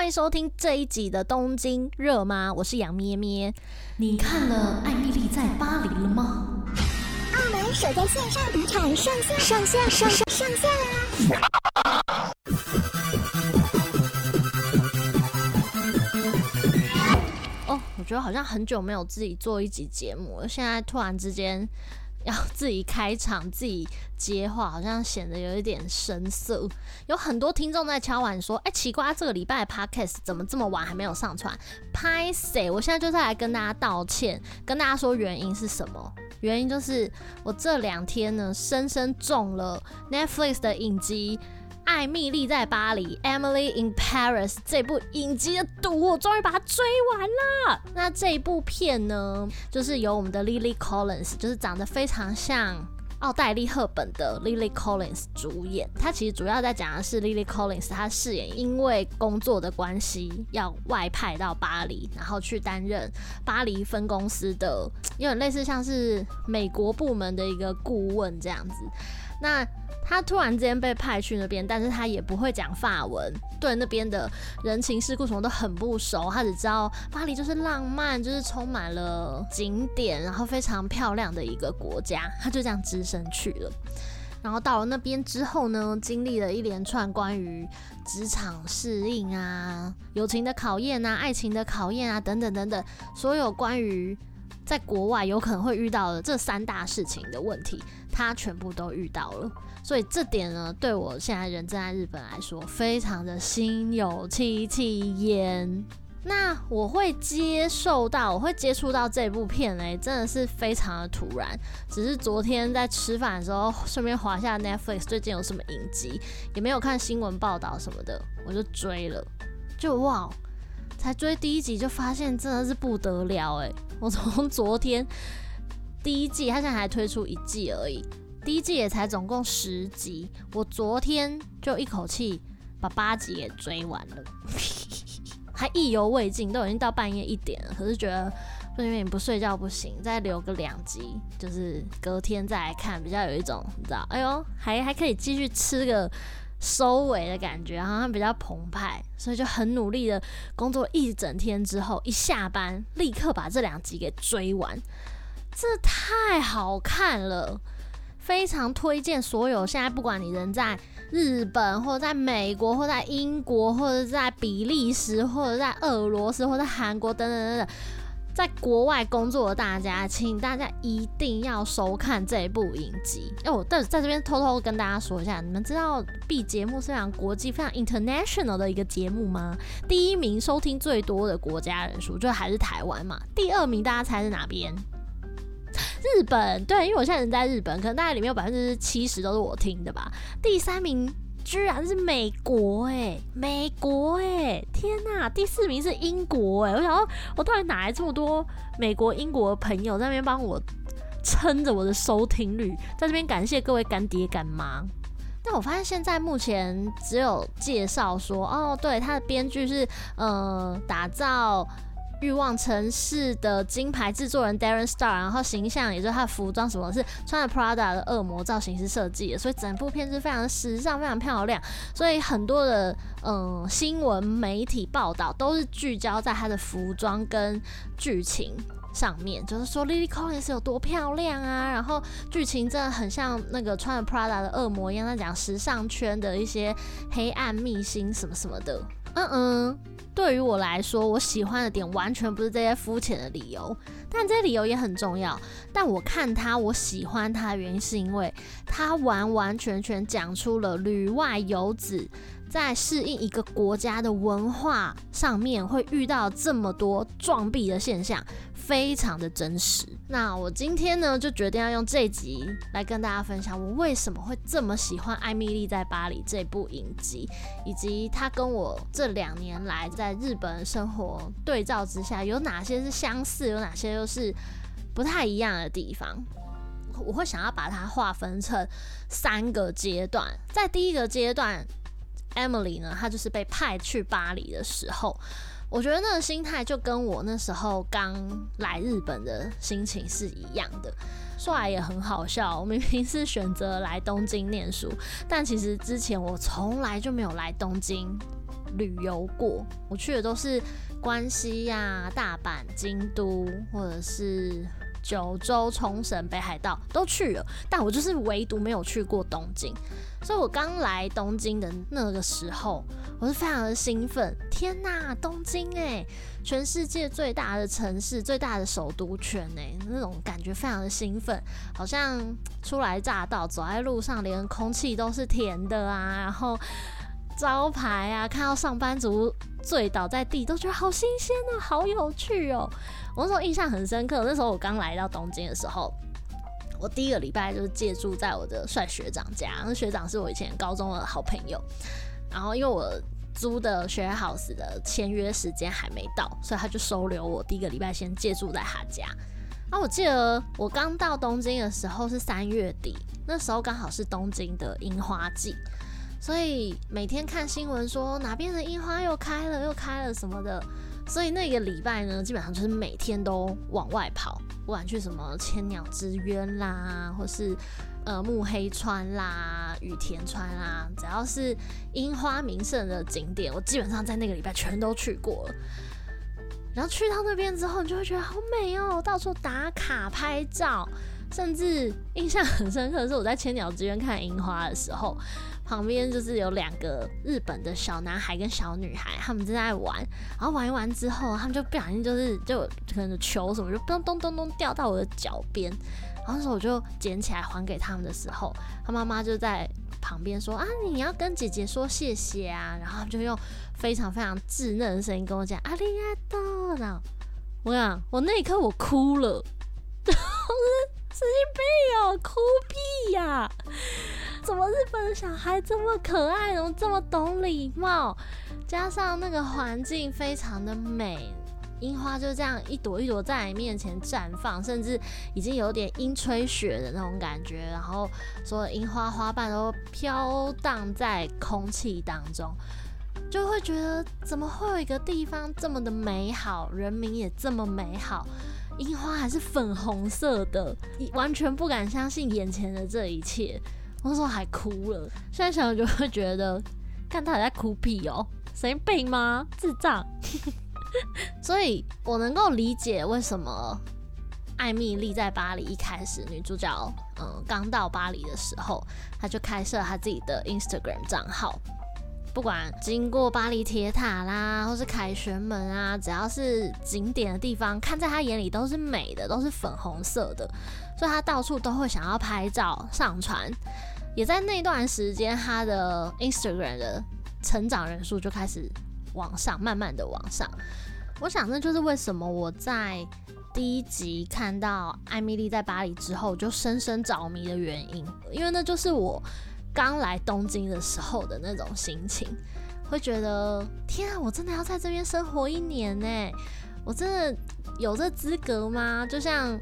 歡迎收聽這一集的《東京熱》嗎？我是楊咩咩。你看了《艾蜜莉在巴黎》了嗎？澳門首家線上賭場上線，上線，上上線啦、啊哦！我覺得好像很久沒有自己做一集節目了，現在突然之間。要自己開場，自己接話，好像顯得有一點生澀。有很多聽眾在敲碗說：“哎、欸，奇怪，啊、這個禮拜的 podcast 怎麼這麼晚還沒有上傳？”歹勢。我現在就是來跟大家道歉，跟大家說原因是什麼？原因就是我這兩天呢，深深中了 Netflix 的影集。艾蜜莉在巴黎 （Emily in Paris） 這部影集的毒，我終於把它追完了。那這一部片呢，就是由我們的 Lily Collins，就是長得非常像奧黛麗·赫本的 Lily Collins 主演。她其實主要在講的是 Lily Collins，她飾演因為工作的關係要外派到巴黎，然後去擔任巴黎分公司的，有點類似像是美國部門的一個顧問這樣子。那他突然之間被派去那邊，但是他也不會講法文，對那邊的人情世故什麼都很不熟。他只知道巴黎就是浪漫，就是充滿了景點，然後非常漂亮的一個國家。他就這樣隻身去了。然後到了那邊之後呢，經歷了一連串關於職場適應啊、友情的考驗啊、愛情的考驗啊等等等等，所有關於在國外有可能會遇到的這三大事情的問題，他全部都遇到了，所以這點呢，對我現在人正在日本來說，非常的心有戚戚焉。那我會接受到，我會接觸到這部片嘞、欸，真的是非常的突然。只是昨天在吃飯的時候，順便滑下 Netflix 最近有什麼影集，也沒有看新聞報道什麼的，我就追了，就哇。才追第一集就發現真的是不得了哎！我從昨天第一季，它現在還推出一季而已，第一季也才總共十集，我昨天就一口氣把八集也追完了，還意猶未盡，都已經到半夜一點了，可是覺得因為你不睡覺不行，再留個兩集，就是隔天再來看，比較有一種你知道，哎呦，還還可以繼續吃個。收尾的感覺，好像比較澎湃，所以就很努力的工作一整天之後，一下班立刻把這兩集給追完，這太好看了，非常推薦所有現在不管你人在日本或者在美國或者在英國或者在比利時或者在俄羅斯或者在韓國等等等等。在國外工作的大家，請大家一定要收看這一部影集。哎、哦，我在這邊偷偷跟大家說一下，你們知道 B 節目是非常國際非常 international 的一個節目嗎？第一名收聽最多的國家人數就還是台灣嘛。第二名大家猜是哪邊？日本。對，因為我現在人在日本，可能大概裡面有百分之七十都是我聽的吧。第三名。居然是美國欸，美國欸，天啊！第四名是英國欸，我想說我到底哪來這麼多美國、英國的朋友在那邊幫我撐着我的收聽率，在這邊感謝各位乾爹乾媽。但我發現現在目前只有介紹說哦，對，他的編劇是呃打造欲望城市的金牌制作人 Darren Star，然後形象也就是他的服裝什麼，是穿着 Prada 的惡魔造型師設計的，所以整部片是非常的時尚、非常漂亮。所以很多的嗯、呃、新聞媒體報道都是聚焦在他的服裝跟劇情上面，就是說 Lily Collins 有多漂亮啊，然後劇情真的很像那個穿着 Prada 的惡魔一樣，在講時尚圈的一些黑暗秘辛什麼什麼的。嗯嗯，對於我來說，我喜歡的點完全不是這些膚淺的理由，但這些理由也很重要。但我看他，我喜歡他的原因是因為他完完全全講出了旅外遊子。在適應一個國家的文化上面，會遇到這麼多撞壁的現象，非常的真實。那我今天呢，就決定要用這集來跟大家分享，我為什麼會這麼喜歡《艾蜜莉在巴黎》這部影集，以及它跟我這兩年來在日本生活對照之下，有哪些是相似，有哪些又是不太一樣的地方。我會想要把它劃分成三個階段，在第一個階段。Emily 呢，她就是被派去巴黎的時候，我覺得那個心態就跟我那時候剛來日本的心情是一樣的。說來也很好笑哦，我明明是選擇來東京念書，但其實之前我從來就沒有來東京旅遊過。我去的都是關西呀、啊、大阪、京都，或者是九州、沖繩、北海道都去了，但我就是唯獨沒有去過東京。所以我剛來東京的那個時候，我是非常的興奮。天吶，東京欸，全世界最大的城市，最大的首都圈欸，那種感覺非常的興奮，好像初來乍到，走在路上連空氣都是甜的啊，然後招牌啊，看到上班族醉倒在地，都覺得好新鮮啊，好有趣喔。我那時候印象很深刻。那時候我剛來到東京的時候。我第一個禮拜就是借住在我的帥學長家，那學長是我以前高中的好朋友。然後因為我租的學生 house 的簽約時間還沒到，所以他就收留我第一個禮拜先借住在他家。那、啊、我記得我剛到東京的時候是三月底，那時候剛好是東京的櫻花季，所以每天看新聞說哪邊的櫻花又開了又開了什麼的。所以那個禮拜呢，基本上就是每天都往外跑，不管去什麼千鳥之淵啦，或是呃目黑川啦、隅田川啦，只要是櫻花名勝的景點，我基本上在那個禮拜全都去過了。然後去到那邊之後，你就會覺得好美哦、喔，到處打卡拍照，甚至印象很深刻的是我在千鳥之淵看櫻花的時候，旁邊就是有兩個日本的小男孩跟小女孩，他們正在玩，然後玩完之後，他們就不小心就是就可能就球什麼就叮咚叮咚咚咚掉到我的腳邊，然後那時候，我就撿起來還給他們的時候，他媽媽就在旁邊說啊，你要跟姐姐說謝謝啊，然後他們就用非常非常稚嫩的聲音跟我講啊，阿里嘎多。我跟你講我那一刻我哭了，真的，神經病啊，哭屁呀、啊。怎麼日本的小孩這麼可愛，怎麼這麼懂禮貌，加上那個環境非常的美，櫻花就這樣一朵一朵在你面前綻放，甚至已經有點櫻吹雪的那種感覺。然後所有櫻花花瓣都飄蕩在空氣當中，就會覺得怎麼會有一個地方這麼的美好，人民也這麼美好，櫻花還是粉紅色的，你完全不敢相信眼前的這一切。那時候還哭了，現在想想就會覺得，看他還在哭屁哦，神經病嗎？智障？ 所以我能夠理解為什麼艾蜜莉在巴黎一開始，女主角嗯、呃、剛到巴黎的時候，她就開設她自己的 Instagram 賬號。不管經過巴黎鐵塔啦，或是凱旋門啊，只要是景點的地方，看在他眼裡都是美的，都是粉紅色的，所以他到處都會想要拍照上傳。也在那段時間，他的 Instagram 的成長人數就開始往上，慢慢的往上。我想，那就是為什麼我在第一集看到艾蜜莉在巴黎之後，就深深着迷的原因，因為那就是我。剛來東京的時候的那種心情，會覺得天啊，我真的要在這邊生活一年呢？我真的有這資格嗎？就像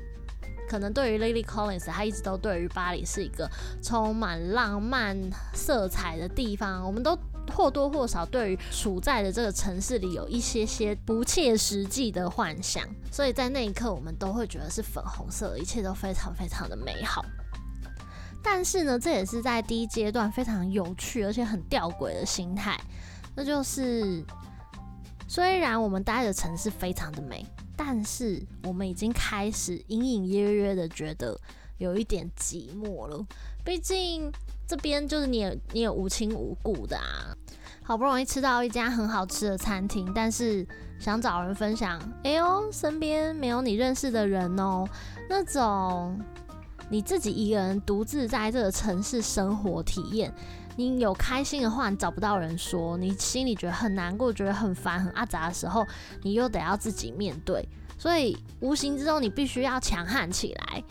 可能對於 Lily Collins，她一直都對於巴黎是一個充滿浪漫色彩的地方。我們都或多或少對於處在的這個城市裡有一些些不切實際的幻想，所以在那一刻，我們都會覺得是粉紅色的，一切都非常非常的美好。但是呢，這也是在第一階段非常有趣而且很吊詭的心態，那就是雖然我們待的城市非常的美，但是我們已經開始隱隱約約的覺得有一點寂寞了。畢竟這邊就是你也你也無親無故的啊，好不容易吃到一家很好吃的餐廳，但是想找人分享，哎呦，身邊沒有你認識的人哦，那種。你自己一個人獨自在這個城市生活體驗，你有開心的話，你找不到人說；你心裡覺得很難過，覺得很煩很阿雜的時候，你又得要自己面對。所以無形之中，你必須要強悍起來。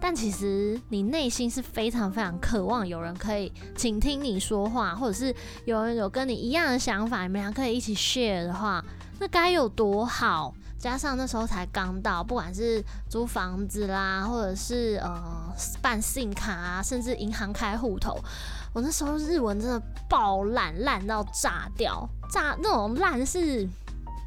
但其實你內心是非常非常渴望有人可以傾聽你說話，或者是有人有跟你一樣的想法，你們倆可以一起 share 的話，那該有多好！加上那時候才剛到，不管是租房子啦，或者是呃辦信用卡啊，甚至銀行開戶頭，我那時候日文真的爆爛，爛到炸掉，炸那種爛是，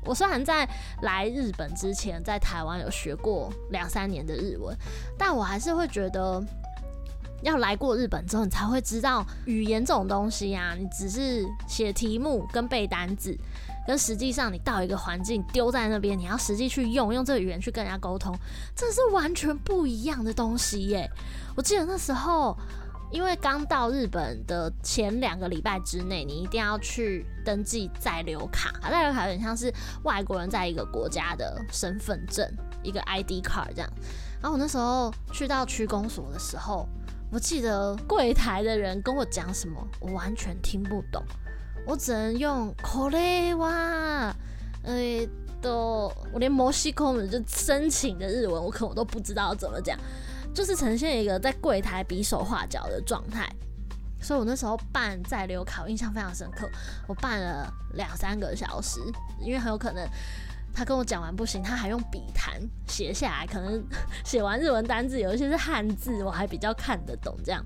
我雖然在來日本之前在台灣有學過兩三年的日文，但我還是會覺得，要來過日本之後，你才會知道語言這種東西啊，你只是寫題目跟背單字。跟實際上，你到一個環境丟在那邊，你要實際去用，用這個語言去跟人家溝通，這是完全不一樣的東西耶。我記得那時候，因為剛到日本的前兩個禮拜之內，你一定要去登記在留卡，啊，在留卡有點像是外國人在一個國家的身份證，一個 ID card 這樣。然後我那時候去到區公所的時候，我記得櫃檯的人跟我講什麼，我完全聽不懂。我只能用これは，哎、欸，都我連摩西公約就申請的日文，我可能都不知道怎麼講，就是呈現一個在櫃檯比手畫腳的狀態。所以我那時候辦在留卡印象非常深刻，我辦了兩三個小時，因為很有可能他跟我講完不行，他還用筆談寫下來，可能寫完日文單字，有一些是漢字，我還比較看得懂這樣。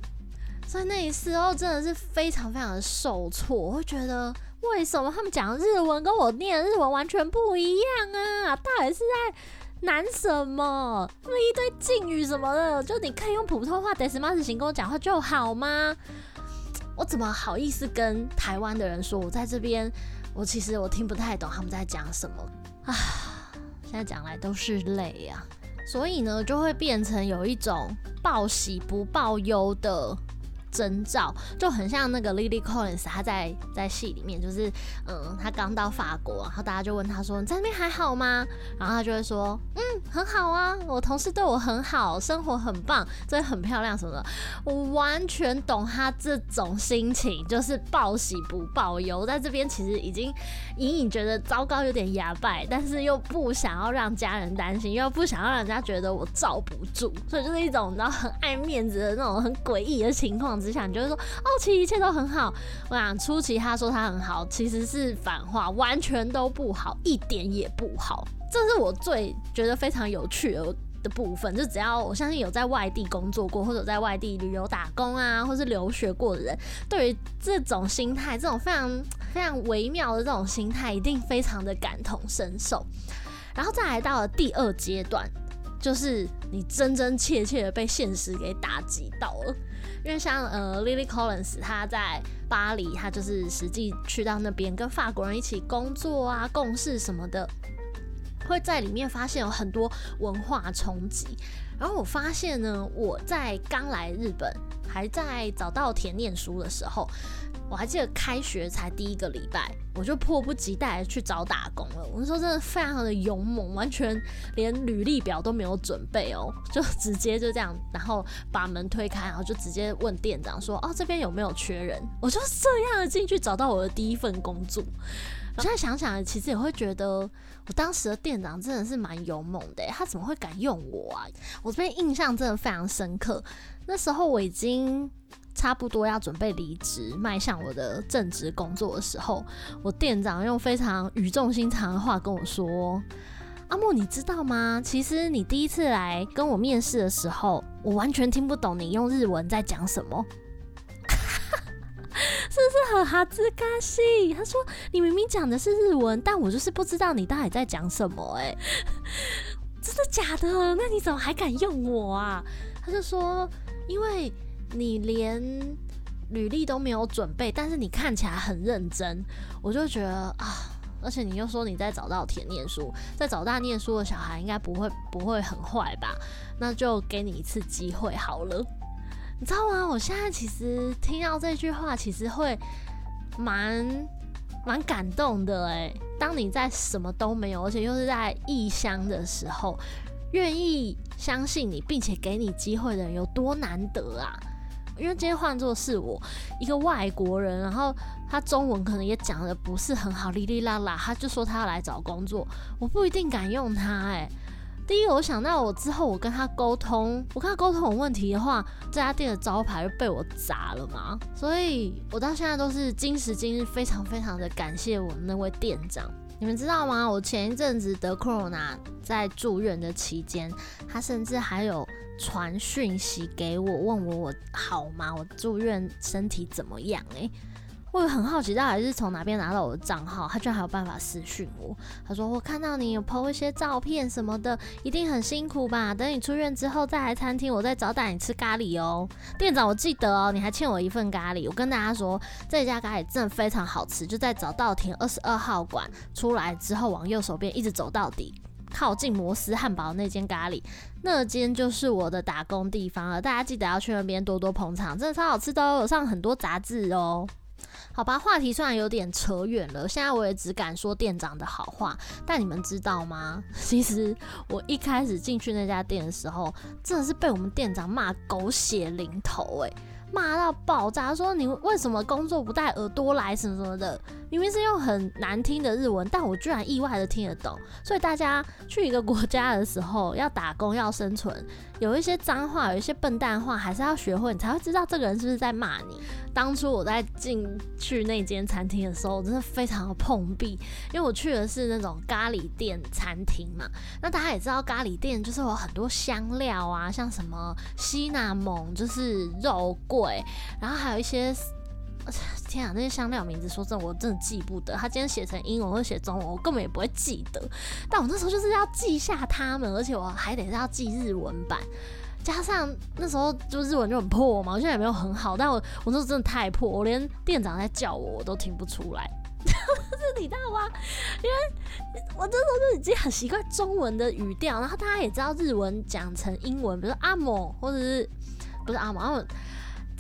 所以那時候真的是非常非常的受挫，我會覺得為什麼他們講的日文跟我念的日文完全不一樣啊？到底是在難什麼？那麼一堆敬語什麼的，就你可以用普通話，得什麼子行跟我講話就好嗎？ 我怎麼好意思跟台灣的人說，我在這邊，我其實我聽不太懂他們在講什麼啊？現在講來都是淚啊，所以呢，就會變成有一種報喜不報憂的。徵兆就很像那個 Lily Collins。她在在戲裡面就是，嗯，她剛到法國，然後大家就問她說，你在那邊還好嗎？然後她就會說，嗯，很好啊，我同事對我很好，生活很棒，真的很漂亮什麼什麼的。我完全懂她這種心情，就是報喜不報憂，在這邊其實已經隱隱覺得糟糕，有點壓敗，但是又不想要讓家人擔心，又不想要讓人家覺得我罩不住，所以就是一種你知道很愛面子的那種很詭異的情況。只想就是說，哦，其實一切都很好。我想初期他說他很好，其實是反話，完全都不好，一點也不好。這是我最覺得非常有趣的的部分，就只要我相信有在外地工作過，或者在外地旅遊打工啊，或是留學過的人，對於這種心態，這種非常非常微妙的這種心態，一定非常的感同身受。然後再來到了第二階段，就是你真真切切的被現實給打擊到了。因為像呃，Lily Collins，她在巴黎，她就是實際去到那邊跟法國人一起工作啊、共事什麼的，會在裡面發現有很多文化衝擊。然後我發現呢，我在剛來日本，還在早稻田念書的時候。我還記得開學才第一個禮拜，我就迫不及待去找打工了。我跟你說，真的非常的勇猛，完全連履歷表都沒有準備哦，就直接就這樣，然後把門推開，然後就直接問店長說：“哦，這邊有沒有缺人？”我就這樣的進去找到我的第一份工作。我現在想想，其實也會覺得我當時的店長真的是蠻勇猛的，他怎麼會敢用我啊？我這邊印象真的非常深刻。那時候我已經差不多要準備離職，邁向我的正職工作的時候，我店長用非常語重心長的話跟我說：“阿莫，你知道嗎？其實你第一次來跟我面試的時候，我完全聽不懂你用日文在講什麼。”是不是很哈茲嘎西？他說，你明明講的是日文，但我就是不知道你到底在講什麼、欸。哎，真的假的？那你怎麼還敢用我啊？他就說，因為你連履歷都沒有準備，但是你看起來很認真，我就覺得啊，而且你又說你在早稻田念書，在早大念書的小孩應該不會不會很壞吧？那就給你一次機會好了。你知道嗎？我現在其實聽到這句話，其實會蠻蠻感動的誒、欸，當你在什麼都沒有，而且又是在異鄉的時候，願意相信你並且給你機會的人有多難得啊！因為今天換作是我一個外國人，然後他中文可能也講的不是很好，哩哩啦啦，他就說他要來找工作，我不一定敢用他誒、欸。第一，我想到我之後我跟他溝通，我跟他溝通有問題的話，這家店的招牌就被我砸了嘛。所以我到現在都是今時今日非常非常的感謝我們那位店長。你們知道嗎？我前一陣子得 Corona 在住院的期間，他甚至還有傳訊息給我，問我我好嗎？我住院身體怎麼樣？誒。我很好奇，到底是從哪邊拿到我的賬號？他居然還有辦法私訊我。他說，我看到你有 po 一些照片什麼的，一定很辛苦吧？等你出院之後再來餐廳，我再招待你吃咖喱哦、喔。店長，我記得哦、喔，你還欠我一份咖喱。我跟大家說，這家咖喱真的非常好吃，就在早稻田二十二號館出來之後，往右手邊一直走到底，靠近摩斯漢堡那間咖喱，那間就是我的打工地方了。大家記得要去那邊多多捧場，真的超好吃的，都有上很多雜誌哦、喔。好吧，話題雖然有點扯遠了，現在我也只敢說店長的好話。但你們知道嗎？其實我一開始進去那家店的時候，真的是被我們店長罵狗血淋頭誒、欸，罵到爆炸，說你為什麼工作不帶耳朵來什麼什麼的。明明是用很難聽的日文，但我居然意外的聽得懂。所以大家去一個國家的時候，要打工要生存。有一些髒話，有一些笨蛋話，還是要學會，你才會知道這個人是不是在罵你。當初我在進去那間餐廳的時候，我真的非常的碰壁，因為我去的是那種咖喱店餐廳嘛。那大家也知道，咖喱店就是有很多香料啊，像什麼西那蒙，就是肉桂，然後還有一些。天啊，那些香料名字說真的我真的記不得。他今天寫成英文或者寫中文，我根本也不會記得。但我那時候就是要記下他們，而且我還得是要記日文版，加上那時候就是日文就很破嘛，我現在也沒有很好。但我我那時候真的太破，我連店長在叫我我都聽不出來。 你知道嗎，因為我這時候就已經很習慣中文的語調。然後大家也知道日文講成英文，比如阿姆或者是不是阿姆阿姆。他們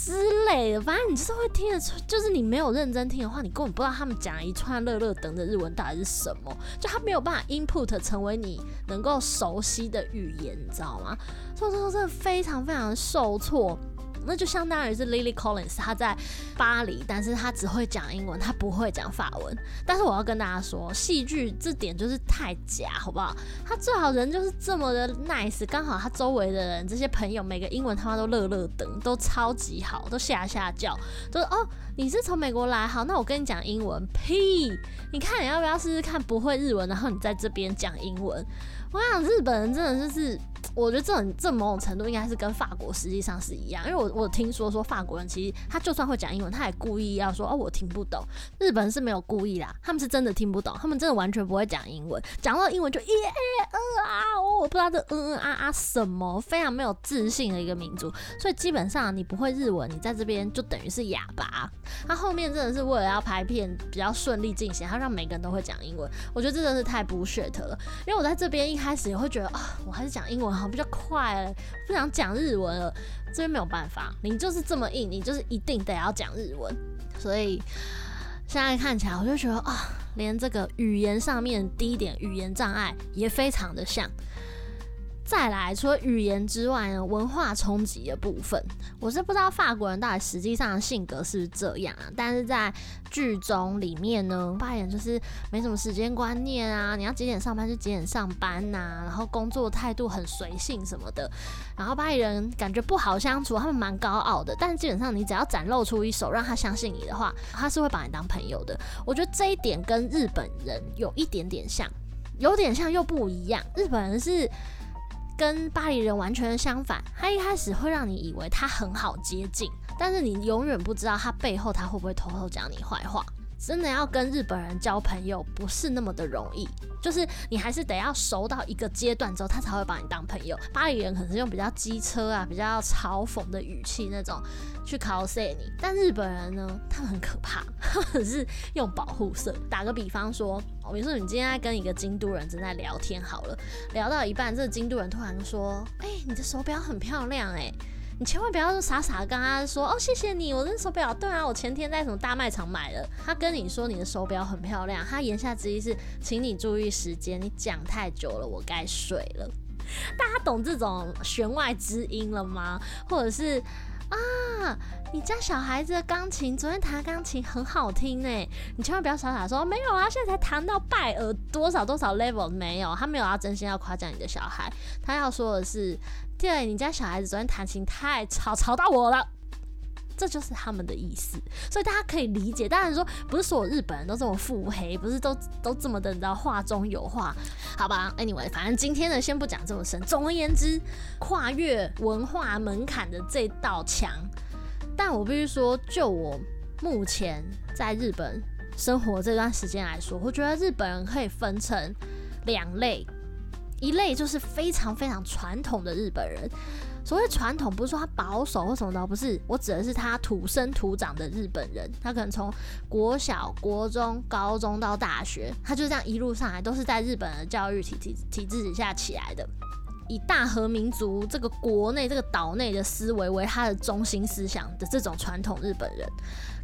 之類的，反正你就是會聽得出，就是你沒有認真聽的話，你根本不知道他們講一串樂樂等的日文到底是什麼，就他沒有辦法 input 成為你能夠熟悉的語言，你知道嗎？所以說這非常非常受挫。那就相當於是 Lily Collins，她在巴黎，但是他只會講英文，他不會講法文。但是我要跟大家說，戲劇這點就是太假，好不好？他最好人就是這麼的 nice，剛好他周圍的人這些朋友，每個英文他媽都樂樂燈，都超級好，都嚇嚇叫，都說哦，你是從美國來，好，那我跟你講英文，屁，你看你要不要試試看，不會日文，然後你在這邊講英文，我想日本人真的就是。我覺得這種這某種程度應該是跟法國實際上是一樣，因為我我聽說說法國人其實他就算會講英文，他也故意要說哦，我聽不懂。日本人是沒有故意啦，他們是真的聽不懂，他們真的完全不會講英文，講到英文就耶嗯啊，我不知道這嗯嗯啊啊什麼，非常沒有自信的一個民族。所以基本上你不會日文，你在這邊就等於是啞巴。他、啊、後面真的是為了要拍片比較順利進行，他讓每個人都會講英文，我覺得這真的是太 bullshit 了。因為我在這邊一開始也會覺得啊、哦，我還是講英文。比較快，不想講日文了。這邊沒有辦法，你就是這麼硬，你就是一定得要講日文。所以現在看起來，我就覺得啊，連這個語言上面第一點語言障礙也非常的像。再來，除了語言之外呢，文化衝擊的部分，我是不知道法國人到底實際上的性格是不是這樣啊？但是在劇中裡面呢，巴黎人就是沒什麼時間觀念啊，你要幾點上班就幾點上班吶、啊，然後工作態度很隨性什麼的，然後巴黎人感覺不好相處，他們蠻高傲的，但是基本上你只要展露出一手讓他相信你的話，他是會把你當朋友的。我覺得這一點跟日本人有一點點像，有點像又不一樣。日本人是，跟巴黎人完全相反，他一開始會讓你以為他很好接近，但是你永遠不知道他背後他會不會偷偷講你壞話。真的要跟日本人交朋友不是那麼的容易，就是你還是得要熟到一個階段之後，他才會把你當朋友。巴黎人可能是用比較機車啊、比較嘲諷的語氣那種去 curse 你，但日本人呢，他們很可怕，呵呵，是用保護色。打個比方說，比如說你今天在跟一個京都人正在聊天好了，聊到一半，這個京都人突然說：“哎、欸，你的手錶很漂亮、欸，哎。”你千萬不要就傻傻跟他說哦，謝謝你，我的手錶，對啊，我前天在什麼大賣場買的。他跟你說，你的手錶很漂亮，他言下之意是，請你注意時間，你講太久了，我該睡了。大家懂這種弦外之音了嗎？或者是啊，你家小孩子的鋼琴昨天彈鋼琴很好聽呢，你千萬不要傻傻說，沒有啊，現在才彈到拜耳多少多少 level 沒有，他沒有要真心要誇獎你的小孩，他要說的是，對，你家小孩子昨天彈琴太吵，吵到我了，這就是他們的意思，所以大家可以理解。當然說不是所有日本人都這麼腹黑，不是都都這麼的，你知道話中有話，好吧？Anyway，反正今天呢，先不講這麼深。總而言之，跨越文化門檻的這道牆，但我必須說，就我目前在日本生活這段時間來說，我覺得日本人可以分成兩類。一類就是非常非常傳統的日本人，所謂傳統不是說他保守或什麼的，不是，我指的是他土生土長的日本人，他可能從國小、國中、高中到大學，他就這樣一路上來都是在日本的教育體體體制底下起來的，以大和民族這個國內、這個島內的思維為他的中心思想的這種傳統日本人，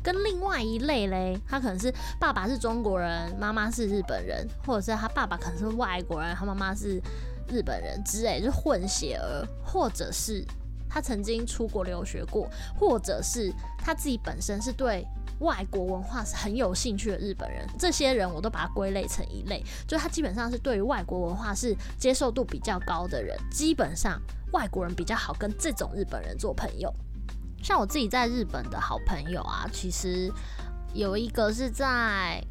跟另外一類嘞，他可能是爸爸是中國人，媽媽是日本人，或者是他爸爸可能是外國人，他媽媽是日本人之類，就是混血兒，或者是他曾經出國留學過，或者是他自己本身是對外國文化是很有興趣的日本人，這些人我都把他歸類成一類，就他基本上是對於外國文化是接受度比較高的人，基本上外國人比較好跟這種日本人做朋友。像我自己在日本的好朋友啊，其實有一個是在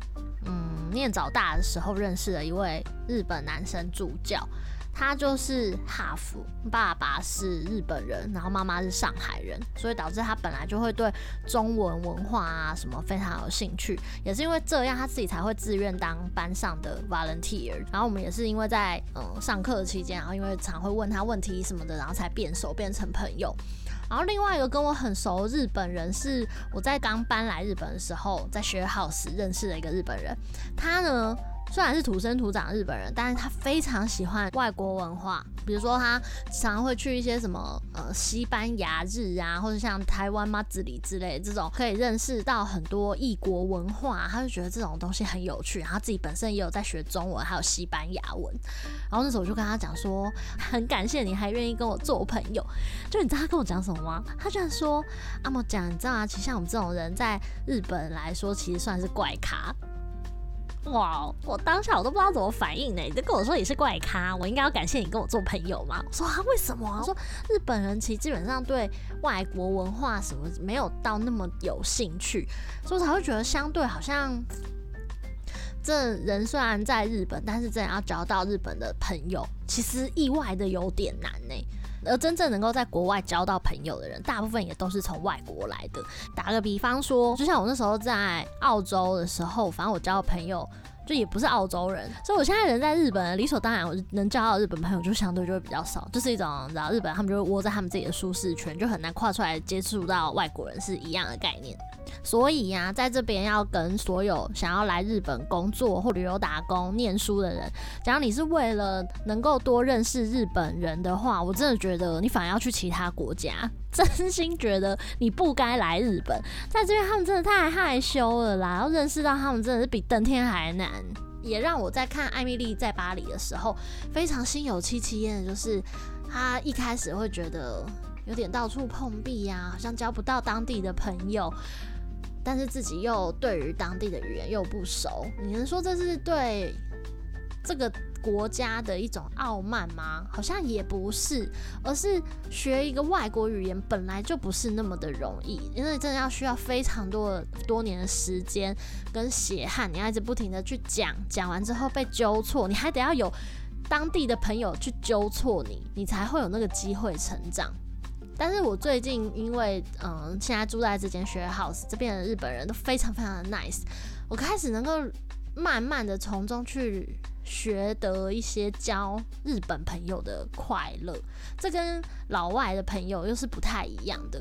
嗯念早大的時候認識了一位日本男生助教，他就是哈佛，爸爸是日本人，然後媽媽是上海人，所以導致他本來就會對中文文化啊什麼非常有興趣，也是因為這樣他自己才會自願當班上的 volunteer，然後我們也是因為在嗯、呃、上課期間，然後因為常會問他問題什麼的，然後才變熟變成朋友。然後另外一個跟我很熟的日本人是我在剛搬來日本的時候，在 share house 認識的一個日本人，他呢。雖然是土生土長的日本人，但是他非常喜歡外國文化，比如說他經常會去一些什麼呃西班牙日啊，或者像台灣馬子里之類的這種可以認識到很多異國文化啊，他就覺得這種東西很有趣，然後他自己本身也有在學中文還有西班牙文，然後那時候我就跟他講說，很感謝你還願意跟我做朋友，就你知道他跟我講什麼嗎？他居然說阿莫講，你知道啊，其實像我們這種人在日本來說，其實算是怪咖。哇！Wow, 我當下我都不知道怎麼反應呢。你就跟我說你是怪咖，我應該要感謝你跟我做朋友嗎？我說啊，為什麼啊？我說日本人其實基本上對外國文化什麼沒有到那麼有興趣，所以才會覺得相對好像這人雖然在日本，但是真的要交到日本的朋友，其實意外的有點難呢。而真正能夠在國外交到朋友的人，大部分也都是從外國來的。打個比方說，就像我那時候在澳洲的時候，反正我交的朋友。就也不是澳洲人，所以我現在人在日本，理所當然我能交到日本朋友就相對就會比較少，就是一種你知道日本他們就窩在他們自己的舒適圈，就很難跨出來接觸到外國人是一樣的概念。所以呀、啊，在這邊要跟所有想要來日本工作或旅遊打工、念書的人，只要你是為了能夠多認識日本人的話，我真的覺得你反而要去其他國家。真心覺得你不該來日本，在這邊他們真的太害羞了啦。然後認識到他們真的是比登天還難，也讓我在看艾蜜莉在巴黎的時候非常心有戚戚焉的，就是她一開始會覺得有點到處碰壁呀、啊，好像交不到當地的朋友，但是自己又對於當地的語言又不熟，你能說這是對這個？國家的一種傲慢嗎？好像也不是，而是學一個外國語言本來就不是那麼的容易，因為真的要需要非常多的多年的時間跟血汗，你要一直不停的去講，講完之後被糾錯，你還得要有當地的朋友去糾錯你，你才會有那個機會成長。但是我最近因為嗯，現在住在這間 share house，這邊的日本人都非常非常的 nice，我開始能夠。慢慢的從中去學得一些交日本朋友的快樂，這跟老外的朋友又是不太一樣的。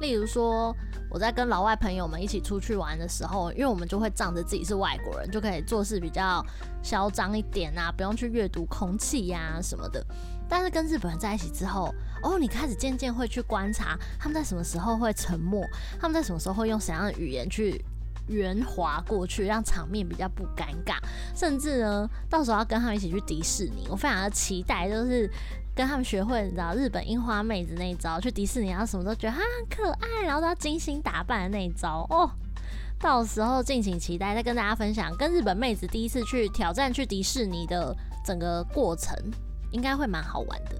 例如說，我在跟老外朋友們一起出去玩的時候，因為我們就會仗着自己是外國人，就可以做事比較囂張一點啊，不用去閱讀空氣呀、啊什麼的。但是跟日本人在一起之後，哦，你開始漸漸會去觀察他們在什麼時候會沉默，他們在什麼時候會用什麼樣的語言去。圓滑過去，讓場面比較不尷尬。甚至呢，到時候要跟他們一起去迪士尼，我非常的期待，就是跟他們學會你知道日本櫻花妹子那一招，去迪士尼啊什麼都覺得很可愛，然後都要精心打扮的那一招哦。到時候敬請期待，再跟大家分享跟日本妹子第一次去挑戰去迪士尼的整個過程，應該會蠻好玩的。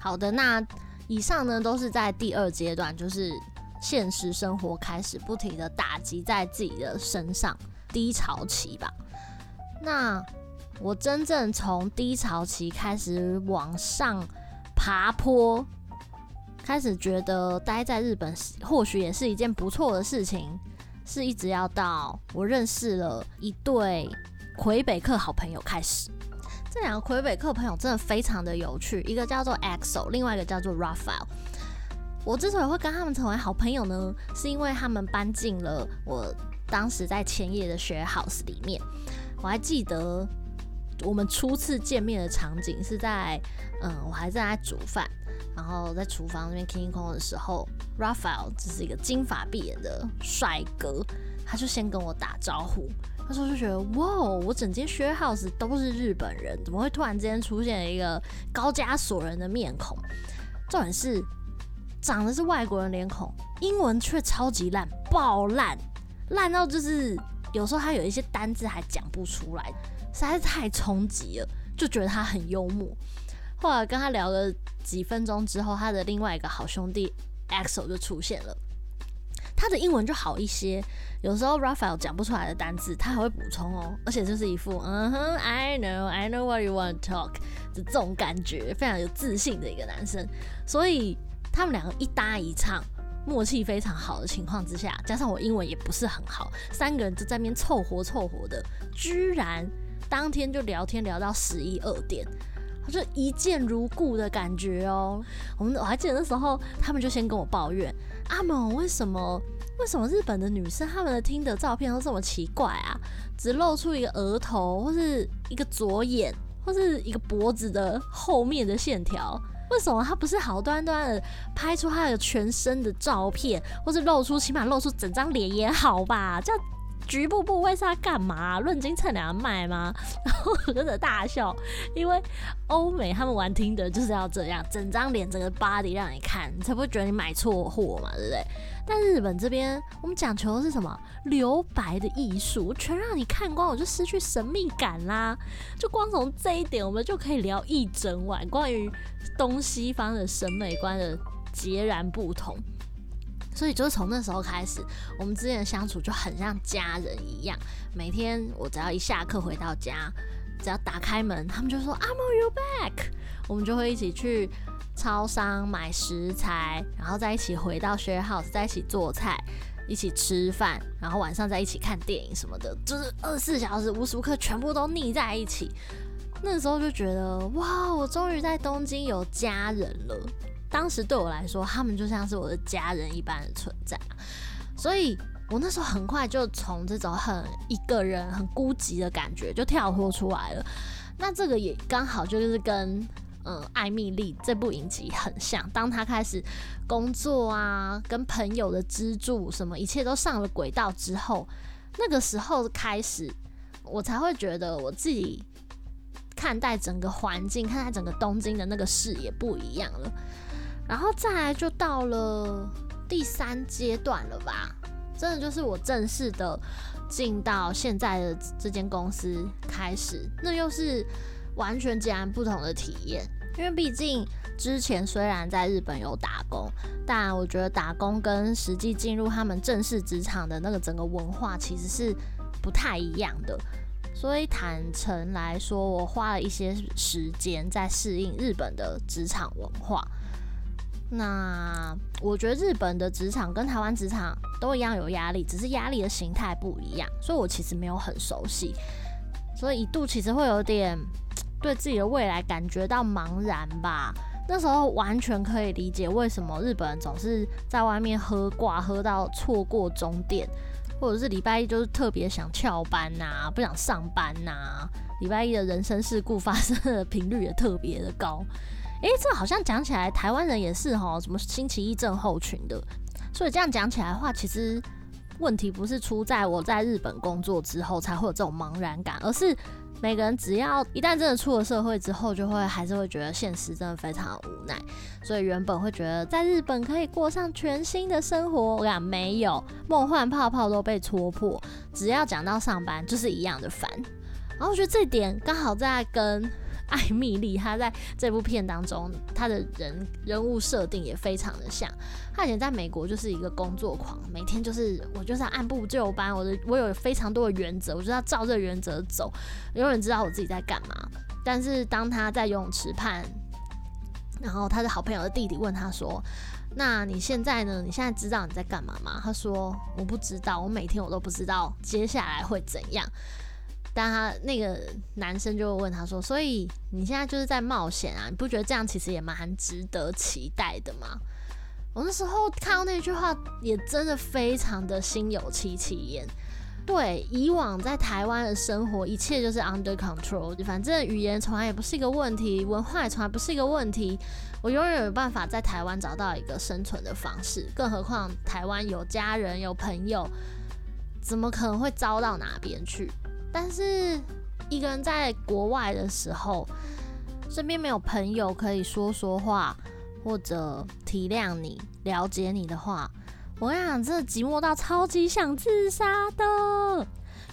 好的，那以上呢都是在第二階段，就是。現實生活開始不停的打擊在自己的身上，低潮期吧。那我真正從低潮期開始往上爬坡，開始覺得待在日本或許也是一件不錯的事情，是一直要到我認識了一對魁北克好朋友開始。這兩個魁北克朋友真的非常的有趣，一個叫做 Axel，另外一個叫做 Raphael。我之所以會跟他們成為好朋友呢，是因為他們搬進了我當時在千葉的 share house 裡面。我還記得我們初次見面的場景是在，嗯，我還在煮飯，然後在廚房那邊 cleaning 的時候，Raphael 就是一個金髮碧眼的帥哥，他就先跟我打招呼。那時候就覺得哇，我整間 share house 都是日本人，怎麼會突然之間出現一個高加索人的面孔？重點是。長的是外國人臉孔，英文卻超級爛，爆爛，爛到就是有時候他有一些單字還講不出來，實在是太衝擊了，就覺得他很幽默。後來跟他聊了幾分鐘之後，他的另外一個好兄弟 Axel 就出現了，他的英文就好一些，有時候 Raphael 講不出來的單字，他還會補充哦，而且就是一副嗯哼，I know，I know what you want to talk，就這種感覺，非常有自信的一個男生，所以。他們兩個一搭一唱，默契非常好的情況之下，加上我英文也不是很好，三個人就在那邊湊合湊合的，居然當天就聊天聊到十一二點，就一見如故的感覺哦。我們我還記得那時候，他們就先跟我抱怨：“阿蒙，為什麼為什麼日本的女生他們的聽的照片都這麼奇怪啊？只露出一個額頭，或是一個左眼，或是一個脖子的後面的線條。”為什麼他不是好端端的拍出他的全身的照片，或是露出，起碼露出整張臉也好吧？這樣局部部位是要幹嘛？論斤稱兩賣嗎？然後我真的大笑，因為歐美他們玩聽的就是要這樣，整張臉整個 body 讓你看，你才不會覺得你買錯貨嘛，對不對？但日本這邊，我們講求的是什麼？留白的藝術，我全讓你看光，我就失去神秘感啦。就光從這一點，我們就可以聊一整晚關於東西方的審美觀的截然不同。所以就是從那時候開始，我們之間的相處就很像家人一樣。每天我只要一下課回到家，只要打開門，他們就說 I'm on your back，我們就會一起去。超商買食材，然後再一起回到 share house，再一起做菜，一起吃飯，然後晚上再一起看電影什麼的，就是二十四小時無時無刻全部都膩在一起。那時候就覺得哇，我終於在東京有家人了。當時對我來說，他們就像是我的家人一般的存在，所以我那時候很快就從這種很一個人很孤寂的感覺就跳脫出來了。那這個也剛好就是跟。嗯，艾蜜莉這部影集很像，當她開始工作啊，跟朋友的資助什麼，一切都上了軌道之後，那個時候開始，我才會覺得我自己看待整個環境，看待整個東京的那個視野不一樣了。然後再來就到了第三階段了吧，真的就是我正式的進到現在的這間公司開始，那又是。完全截然不同的體驗，因為畢竟之前雖然在日本有打工，但我覺得打工跟實際進入他們正式職場的那個整個文化其實是不太一樣的。所以坦誠來說，我花了一些時間在適應日本的職場文化。那我覺得日本的職場跟台灣職場都一樣有壓力，只是壓力的形態不一樣，所以我其實沒有很熟悉，所以一度其實會有點。對自己的未來感覺到茫然吧？那時候完全可以理解為什麼日本人總是在外面喝掛喝到錯過終點，或者是禮拜一就是特別想翹班吶、啊，不想上班吶、啊。禮拜一的人生事故發生的頻率也特別的高。哎，這好像講起來台灣人也是哈、哦，什麼星期一症候群的。所以這樣講起來的話，其實問題不是出在我在日本工作之後才會有這種茫然感，而是。每個人只要一旦真的出了社會之後，就會還是會覺得現實真的非常的無奈。所以原本會覺得在日本可以過上全新的生活，我講沒有，夢幻泡泡都被戳破。只要講到上班，就是一樣的煩。然後我覺得這點剛好在跟。艾蜜莉，她在這部片當中，她的人人物設定也非常的像。她以前在美國就是一個工作狂，每天就是我就是要按部就班，我的我有非常多的原則，我就要照這個原則走，永遠知道我自己在幹嘛。但是當她在游泳池畔，然後她的好朋友的弟弟問她說：“那你現在呢？你現在知道你在幹嘛嗎？”她說：“我不知道，我每天我都不知道接下來會怎樣。”但他那個男生就問他說：“所以你現在就是在冒險啊？你不覺得這樣其實也蠻值得期待的嗎？”我那時候看到那句話，也真的非常的心有戚戚焉。對以往在台灣的生活，一切就是 under control，反正語言從來也不是一個問題，文化也從來不是一個問題，我永遠有辦法在台灣找到一個生存的方式。更何況台灣有家人有朋友，怎麼可能會糟到哪邊去？但是一個人在國外的時候，身邊沒有朋友可以說說話，或者體諒你、了解你的話，我跟你講，真的寂寞到超級想自殺的。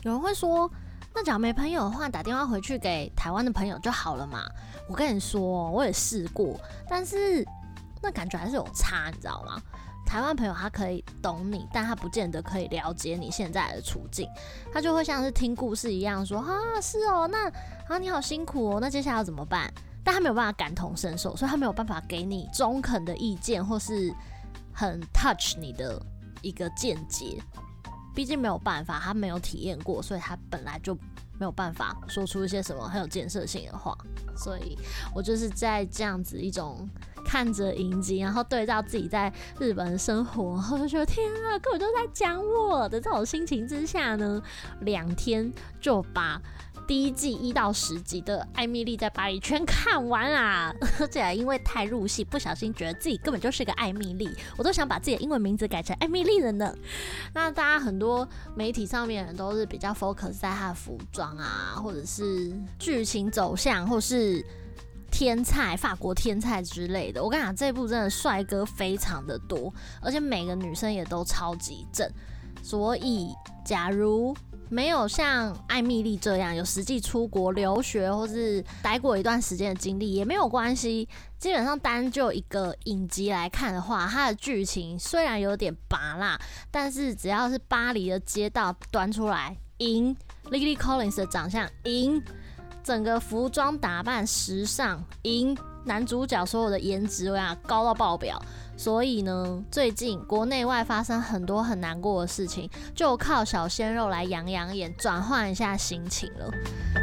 有人會說，那假如沒朋友的話，打電話回去給台灣的朋友就好了嘛。我跟你說，我也試過，但是那感覺還是有差，你知道嗎？台灣朋友他可以懂你，但他不見得可以了解你現在的處境，他就會像是聽故事一樣說啊是哦，那啊你好辛苦哦，那接下來要怎麼辦？但他沒有辦法感同身受，所以他沒有辦法給你中肯的意見或是很 touch 你的一個見解，畢竟沒有辦法，他沒有體驗過，所以他本來就沒有辦法說出一些什麼很有建設性的話，所以我就是在這樣子一種。看着影集，然後對照自己在日本生活，然後就說：“天啊，根本就在講我的這種心情之下呢，兩天就把第一季一到十集的《艾米麗在巴黎》全看完啦、啊！這 且因為太入戲，不小心覺得自己根本就是個艾米麗，我都想把自己的英文名字改成艾米麗了呢。那大家很多媒體上面的人都是比較 focus 在她的服裝啊，或者是劇情走向，或是……天菜，法國天菜之類的。我跟你講，這部真的帥哥非常的多，而且每個女生也都超級正。所以，假如沒有像艾蜜莉這樣有實際出國留學或是待過一段時間的經歷，也沒有關係。基本上單就一個影集來看的話，它的劇情雖然有點拔辣，但是只要是巴黎的街道端出來，贏 Lily Collins 的長相贏。整個服裝打扮時尚，贏男主角所有的顏值呀，高到爆表。所以呢，最近國內外發生很多很難過的事情，就靠小鮮肉來養養眼，轉換一下心情了。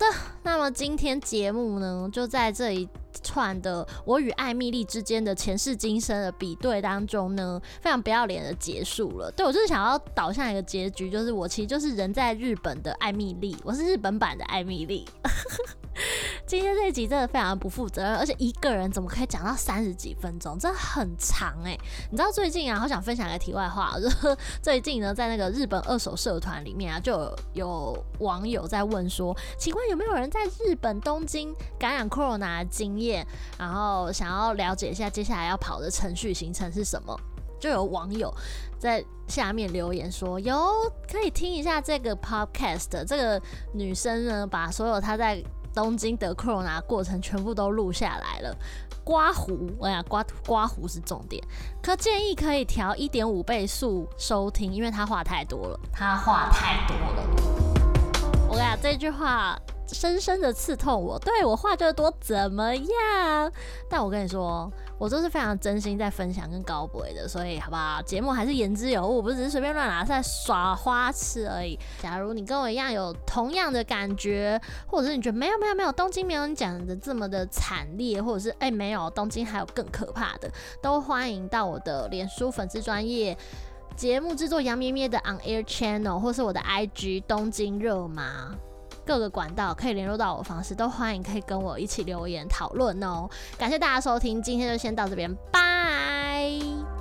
的，那麼今天節目呢，就在這一串的我與艾蜜莉之間的前世今生的比對當中呢，非常不要臉的結束了。對，我就是想要導向一個結局，就是我其實就是人在日本的艾蜜莉，我是日本版的艾蜜莉。 今天這一集真的非常的不負責任，而且一個人怎麼可以講到三十幾分鐘？真的很長哎、欸！你知道最近啊，好想分享一個題外話。就是、最近呢，在那個日本二手社團裡面啊，就有，有網友在問說，請問有沒有人在日本東京感染 Corona 的經驗？然後想要了解一下接下來要跑的程序行程是什麼？就有網友在下面留言說：“有可以聽一下這個 Podcast。這個女生呢，把所有她在。”東京的 krona 過程全部都錄下來了，刮鬍，哎呀，刮刮鬍是重點。可建議可以調一點五倍速收聽，因為他話太多了，他話太多了。我跟你講，這句話。深深的刺痛我，對我話就多怎麼樣？但我跟你說，我都是非常真心在分享跟高博的，所以好不好？節目還是言之有物，我不是只是隨便亂拿在耍花痴而已。假如你跟我一樣有同樣的感覺，或者是你覺得沒有沒有沒有東京沒有你講的這麼的慘烈，或者是哎、欸、沒有東京還有更可怕的，都歡迎到我的臉書粉絲專頁節目製作楊咩咩的 on air channel，或是我的 IG 東京熱嗎？各個管道，可以聯絡到我的方式都歡迎，可以跟我一起留言討論哦。感謝大家收聽，今天就先到這邊，拜拜。